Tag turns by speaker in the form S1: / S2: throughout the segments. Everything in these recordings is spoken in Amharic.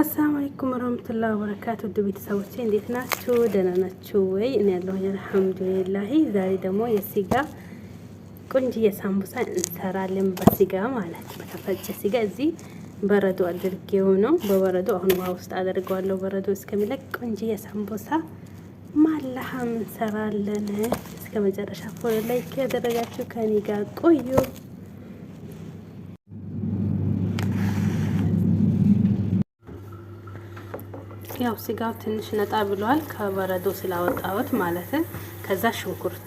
S1: አሰላሙ አለይኩም ወራህመቱላሂ ወበረካቱ። ውድ ቤተሰቦቼ እንዴት ናችሁ? ደህና ናችሁ ወይ? እኔ ያለሁ አልሐምዱሊላህ። ዛሬ ደግሞ የስጋ ቆንጅዬ ሳምቡሳ እንሰራለን። በስጋ ማለት በተፈጨ ስጋ እዚህ በረዶ አድርጌው ነው። በበረዶ አሁን ውሃ ውስጥ አደርገዋለሁ። በረዶ እስከሚለቅ ቆንጅዬ ሳምቡሳ ማላሃም እንሰራለን። እስከ መጨረሻ ፎሎ ላይ ያደረጋችሁ ከኔ ጋር ቆዩ። ያው ስጋው ትንሽ ነጣ ብሏል ከበረዶ ስላወጣሁት ማለት ከዛ ሽንኩርት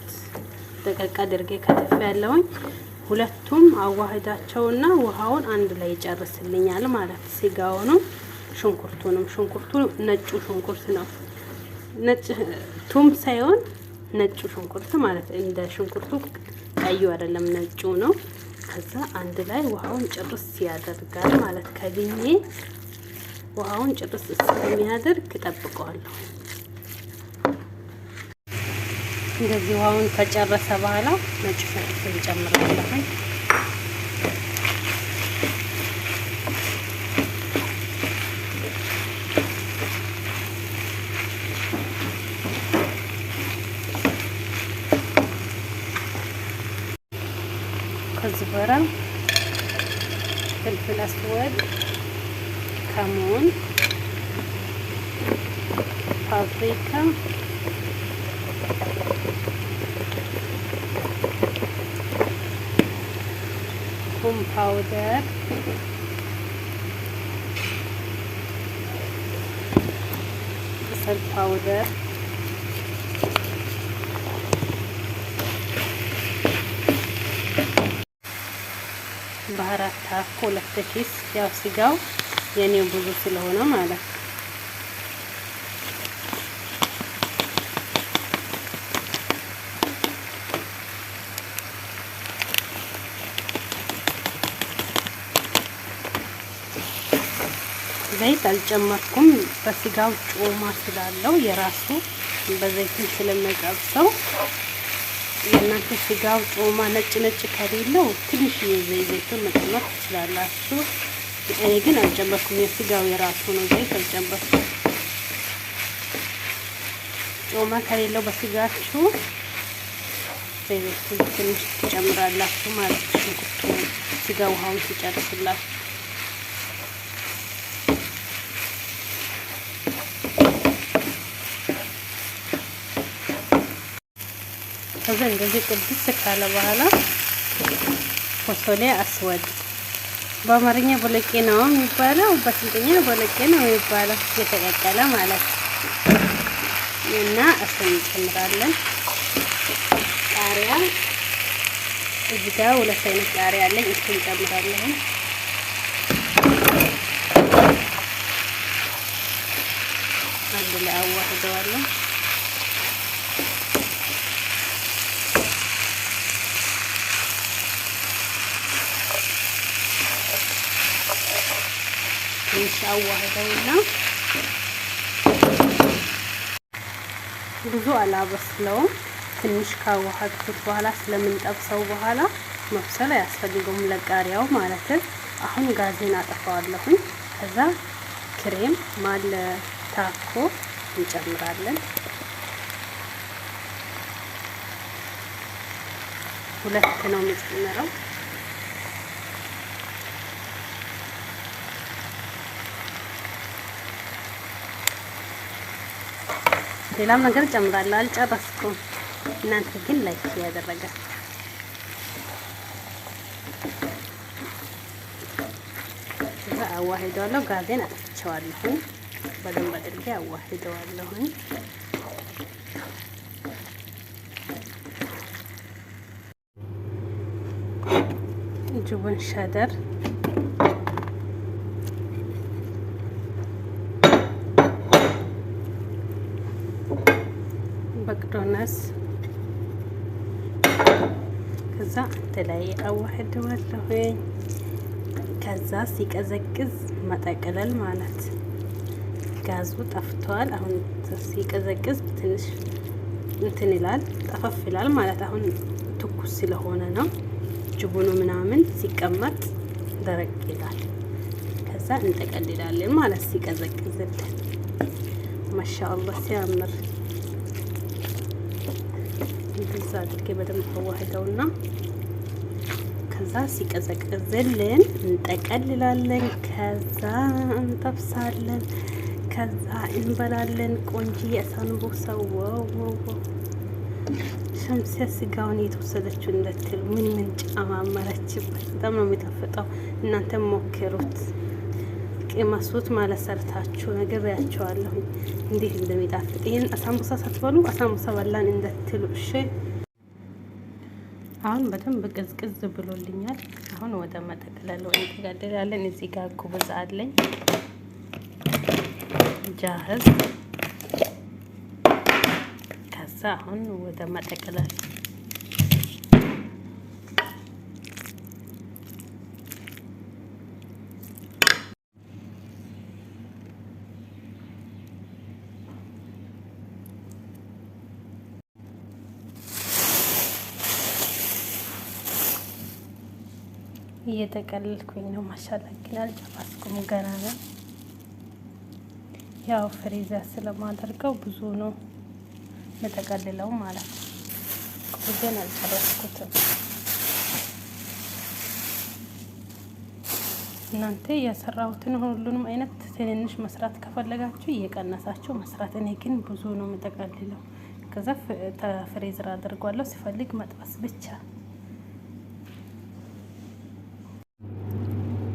S1: ደቀቅ አድርጌ ከተፈ ያለውኝ ሁለቱም አዋህዳቸውና ውሃውን አንድ ላይ ይጨርስልኛል ማለት ስጋውንም ሽንኩርቱንም ሽንኩርቱ ነጩ ሽንኩርት ነው ነጭ ቱም ሳይሆን ነጩ ሽንኩርት ማለት እንደ ሽንኩርቱ ቀዩ አይደለም ነጩ ነው ከዛ አንድ ላይ ውሃውን ጭርስ ያደርጋል ማለት ከድኜ ውሃውን ጭርስ እስከሚያደርግ ጠብቀዋለሁ። እንደዚህ ውሃውን ከጨረሰ በኋላ ነጭ ሽንኩርት እንጨምራለሁኝ። ከዚህ በኋላ ፍልፍል አስወድ ከሙን፣ ፓፕሪካ ኩም ፓውደር ሰል ፓውደር ባህራት ታኮ ለፍተኪስ ያው ስጋው የኔው ብዙ ስለሆነ ማለት ነው። ዘይት አልጨመርኩም። በስጋው ጮማ ስላለው የራሱ በዘይትም ስለመቀብሰው የእናንተ ስጋው ጮማ ነጭ ነጭ ከሌለው ትንሽ የዘይት ዘይቱን መጨመር ትችላላችሁ። እኔ ግን አልጨመርኩም። የስጋው የራሱ ነው፣ ዘይት አልጨመርኩም። ጮማ ከሌለው በስጋችሁ ዘይት ትንሽ ትጨምራላችሁ ማለት ሽንኩርቱ ስጋ ውሃውን ትጨርስላችሁ። ከዛ እንደዚህ ቅድስት ካለ በኋላ ኮሶሌ አስወድ በአማርኛ ቦለቄ ነው የሚባለው፣ በስንተኛ ቦለቄ ነው የሚባለው። የተቀቀለ ማለት እና እሱን እንጨምራለን። ቃሪያ እዚህ ጋር ሁለት አይነት ቃሪያ አለኝ፣ እሱን እንጨምራለን። አንድ ላይ አዋህደዋለን። ትንሽ አዋህደውና ብዙ አላበስለውም። ትንሽ ካዋሃድኩት በኋላ ስለምንጠብሰው በኋላ መብሰል አያስፈልገውም ለቃሪያው ማለት አሁን ጋዜን አጠፋዋለሁኝ። ከዛ ክሬም ማለ ታኮ እንጨምራለን። ሁለት ነው የምጨምረው። ሌላም ነገር ጨምራለሁ፣ አልጨረስኩም። እናንተ ግን ላይክ ያደረገ እዛ አዋሂደዋለሁ። ጋዜን አጥፍቼዋለሁ፣ በደንብ አድርጌ አዋሂደዋለሁ። ጅቡን ሸደር ድረስ ከዛ ተላይ አዋህደዋለሁ። ከዛ ሲቀዘቅዝ መጠቅለል ማለት ጋዙ ጠፍቷል። አሁን ሲቀዘቅዝ ትንሽ እንትን ይላል ጠፈፍ ይላል ማለት አሁን ትኩስ ስለሆነ ነው። ጅቡኑ ምናምን ሲቀመጥ ደረቅ ይላል። ከዛ እንጠቀልላለን ማለት ሲቀዘቅዝልን። ማሻአላህ ሲያምር አድርጌ በደንብ አዋህደውና ከዛ ሲቀዘቅዝልን እንጠቀልላለን። ከዛ እንጠብሳለን። ከዛ እንበላለን። ቆንጂ የሳንቡሳ ወወወ ሸምሴ ስጋውን የተወሰደችው እንደትል ምን ምን ጨማመረችበት? በጣም ነው የሚጣፍጠው። እናንተ ሞክሩት፣ ቅመሱት ማለት ሰርታችሁ ነግሬያቸዋለሁ እንዴት እንደሚጣፍጥ። ይህን አሳንቡሳ ሳትበሉ አሳንቡሳ በላን እንደትሉ እሺ። አሁን በደንብ ቅዝቅዝ ብሎልኛል። አሁን ወደ መጠቅለል ወይ እንተጋደላለን። እዚህ ጋር ኩብዝ አለኝ ጃህዝ። ከዛ አሁን ወደ መጠቅለል እየተቀለልኩኝ ነው። ማሻላ ግን አልጨረስኩም፣ ገና ነው። ያው ፍሬዘር ስለማደርገው ብዙ ነው የምጠቀልለው ማለት ነው። ግን አልጨረስኩትም። እናንተ የሰራሁትን ሁሉንም አይነት ትንንሽ መስራት ከፈለጋችሁ እየቀነሳችሁ መስራት። እኔ ግን ብዙ ነው የምጠቀልለው። ከዛ ፍሬዘር አድርጓለሁ፣ ሲፈልግ መጥበስ ብቻ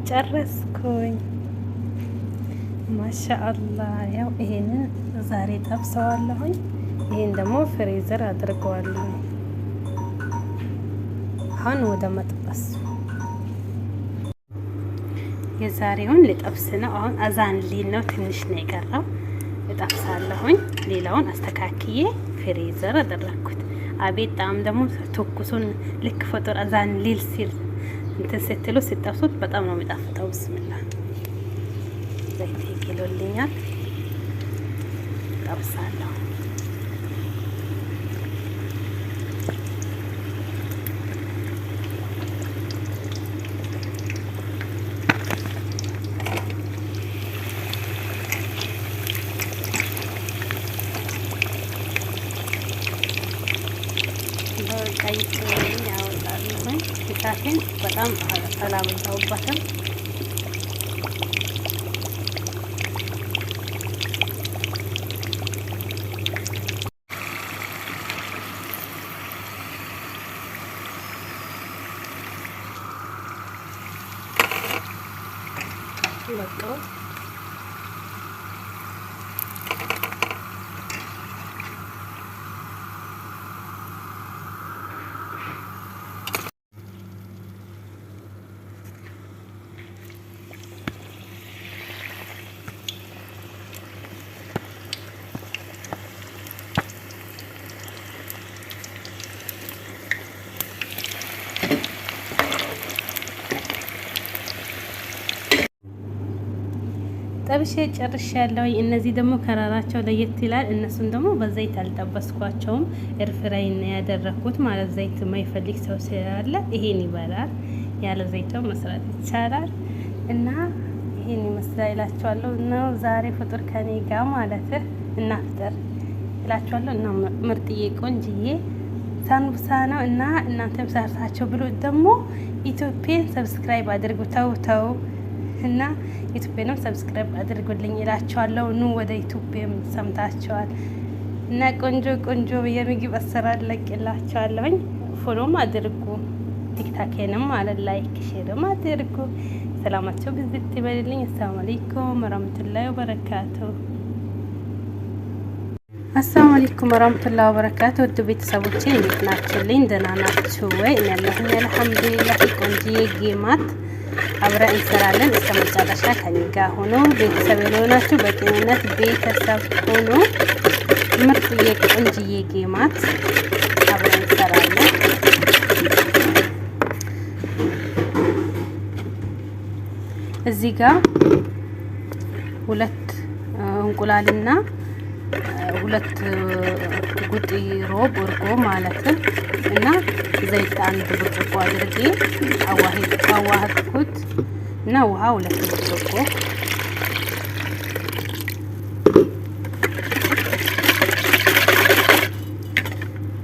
S1: ጨረስኩኝ። ማሻአላ ያው ይሄንን ዛሬ ጠብሰዋለሁኝ። ይሄን ደግሞ ፍሬዘር አድርገዋለሁ። አሁን ወደ መጥበስ የዛሬውን ልጠብስ ነው። አሁን አዛን ሊል ነው፣ ትንሽ ነው የቀረው። እጠብሳለሁኝ። ሌላውን አስተካክዬ ፍሬዘር አደረግኩት። አቤት ጣም ደግሞ ተኩሱን ልክ ፈጦር አዛን ሊል ሲል እንትን ስትሉ ሲጠብሱት በጣም ነው የሚጣፍጠው። ብስምላ ዘይት ይገሎልኛል ጠብሳለሁ። አላበዛሁባትም። በቃ ጠብሼ ጨርሻለሁ። እነዚህ ደግሞ ከራራቸው ለየት ይላል። እነሱም ደግሞ በዘይት አልጠበስኳቸውም። እርፍራይ ነው ያደረኩት ማለት ዘይት የማይፈልግ ሰው ስላለ ይሄን ይበላል። ያለ ዘይተው መስራት ይቻላል እና ይሄን ይመስላል ይላችኋለሁ። እና ዛሬ ፍጡር ከኔ ጋር ማለት እና እናፍጠር ይላችኋለሁ። እና ምርጥዬ ቆንጅዬ ሳንቡሳ ነው እና እናንተም ሰርታችሁ ብሎ ደግሞ ኢትዮጵያን ሰብስክራይብ አድርጉ። ተው ተው እና ዩቱቤንም ሰብስክራይብ አድርጉልኝ ይላቸዋለሁ። ኑ ወደ ዩቱቤም ሰምታቸዋል እና ቆንጆ ቆንጆ የምግብ አሰራር ለቅላቸዋለሁኝ። ፎሎም አድርጉ ቲክታኬንም ማለት ላይክ ሼርም አድርጉ። ሰላማቸው ብዝት ይበልልኝ። አሰላሙ አለይኩም ወራህመቱላሂ ወበረካቱ። አሰላሙ አለይኩም ወራህመቱላሂ ወበረካቱ። ውድ ቤተሰቦቼ እንዴት ናችሁልኝ? ደህና ናችሁ ወይ? እኔ አለሁኝ አልሐምዱሊላህ። ቆንጆዬ ጌማት አብረን እንሰራለን እስከ መጨረሻ ከኔ ጋር ሆኖ ቤተሰብ የሆናችሁ በጤንነት ቤተሰብ ሆኖ ምርጥዬ ቆንጅዬ ጌማት አብረን እንሰራለን። እዚህ ጋር ሁለት እንቁላልና ሁለት ጉጢ ሮብ እርጎ ማለትም እና ዘይት አንድ ብርጭቆ አድርጌ አዋህድኩት እና ውሃ ሁለት ብርጭቆ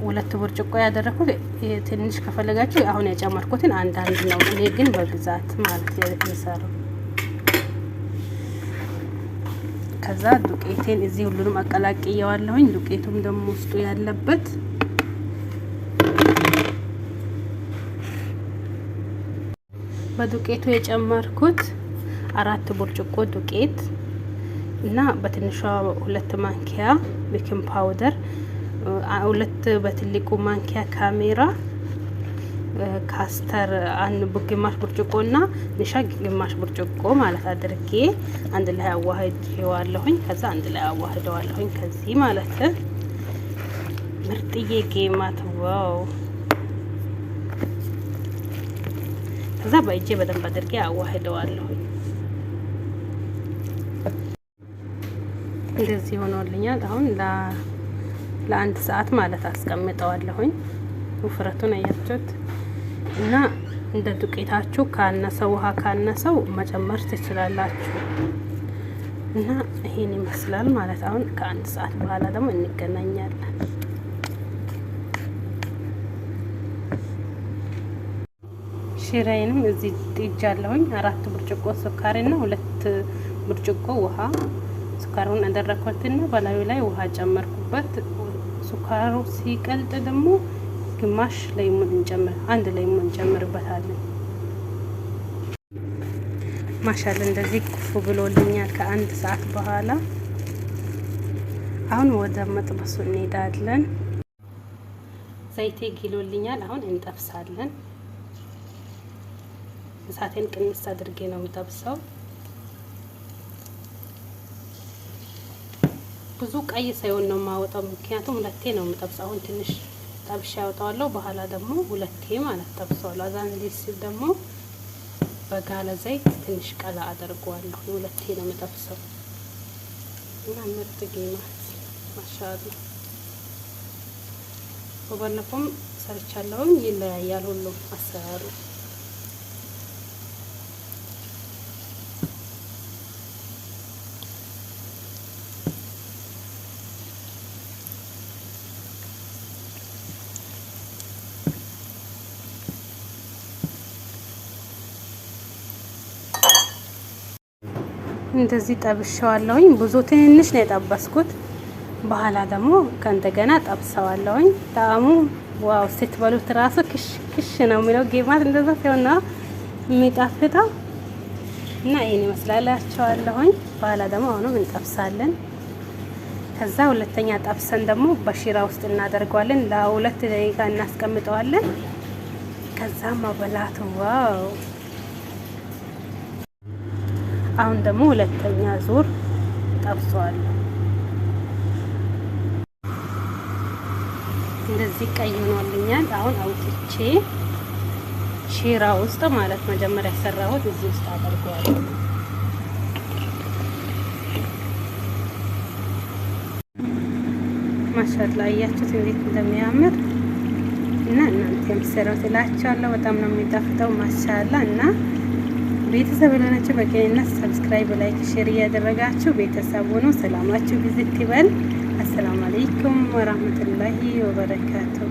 S1: ሁለት ብርጭቆ ያደረኩት ትንሽ ከፈለጋችሁ አሁን የጨመርኩትን አንዳንድ ነው። እኔ ግን በብዛት ማለት የሰሩ ከዛ ዱቄቴን እዚህ ሁሉንም አቀላቅየዋለሁኝ። ዱቄቱም ደግሞ ውስጡ ያለበት በዱቄቱ የጨመርኩት አራት ብርጭቆ ዱቄት እና በትንሿ ሁለት ማንኪያ ቤኪንግ ፓውደር፣ ሁለት በትልቁ ማንኪያ ካሜራ ካስተር ግማሽ ብርጭቆ እና ንሻ ግማሽ ብርጭቆ ማለት አድርጌ አንድ ላይ አዋህደዋለሁኝ። ከዛ አንድ ላይ አዋህደዋለሁኝ ከዚህ ማለት ምርጥዬ ጌማት ዋው። ከዛ በእጄ በደንብ አድርጌ አዋህደዋለሁኝ። እንደዚህ ሆኖልኛል። አሁን ለአንድ ሰዓት ማለት አስቀምጠዋለሁኝ። ውፍረቱን አያችሁት? እና እንደ ዱቄታችሁ ካነሰው ውሃ ካነሰው መጨመር ትችላላችሁ። እና ይሄን ይመስላል ማለት አሁን ከአንድ ሰዓት በኋላ ደግሞ እንገናኛለን። ሽራዬንም እዚህ ጥጃለሁኝ። አራት ብርጭቆ ስኳርና ሁለት ብርጭቆ ውሃ። ስኳሩን አደረኩትና በላዩ ላይ ውሃ ጨመርኩበት። ስኳሩ ሲቀልጥ ደግሞ ግማሽ ለይሙን እንጨምር አንድ ለይሙን እንጨምርበታለን። ማሻለ እንደዚህ ኩፍ ብሎልኛል። ከአንድ ሰዓት በኋላ አሁን ወደ መጥበሱ እንሄዳለን። ዘይቴ ጊሎልኛል። አሁን እንጠብሳለን። እሳቴን ቅንስ አድርጌ ነው የምጠብሰው። ብዙ ቀይ ሳይሆን ነው የማወጣው፣ ምክንያቱም ሁለቴ ነው የምጠብሰው። አሁን ትንሽ ጠብሼ ያወጣዋለሁ። በኋላ ደግሞ ሁለቴ ማለት ጠብሰዋለሁ። አዛን ሊል ሲል ደግሞ በጋለ ዘይት ትንሽ ቀላ አደርገዋለሁ። ሁለቴ ነው የምጠብሰው እና ምርጥ ጌማት ማሻሉ በባለፈውም ሰርቻለሁኝ። ይለያያል ሁሉም አሰራሩ እንደዚህ ጠብሸዋለሁኝ። ብዙ ትንንሽ ነው የጠበስኩት። በኋላ ደግሞ ከእንደገና ጠብሰዋለሁኝ። ጣዕሙ ዋው! ስትበሉት ራሱ ክሽ ክሽ ነው የሚለው። ጌማት እንደዛ ሲሆን የሚጣፍጠው እና ይህን ይመስላላቸዋለሁኝ። በኋላ ደግሞ አሁንም እንጠብሳለን። ከዛ ሁለተኛ ጠብሰን ደግሞ በሽራ ውስጥ እናደርገዋለን። ለሁለት ደቂቃ እናስቀምጠዋለን። ከዛ መበላት ዋው አሁን ደግሞ ሁለተኛ ዙር ጠብሷል። እንደዚህ ቀይ ሆኖልኛል። አሁን አውጥቼ ሺራ ውስጥ ማለት መጀመሪያ የሰራሁት እዚህ ውስጥ ማሻት ላይ አያችሁት እንዴት እንደሚያምር እና እናንተ የምትሰሩት እላችኋለሁ። በጣም ነው የሚጣፍጠው ማሻላ እና ቤተሰብ የሆናችሁ በቅንነት ሰብስክራይብ፣ ላይክ፣ ሼር እያደረጋችሁ ቤተሰብ ሆኖ ሰላማችሁ ጊዜ ይበል። አሰላሙ አለይኩም ወራህመቱላሂ ወበረካቱ።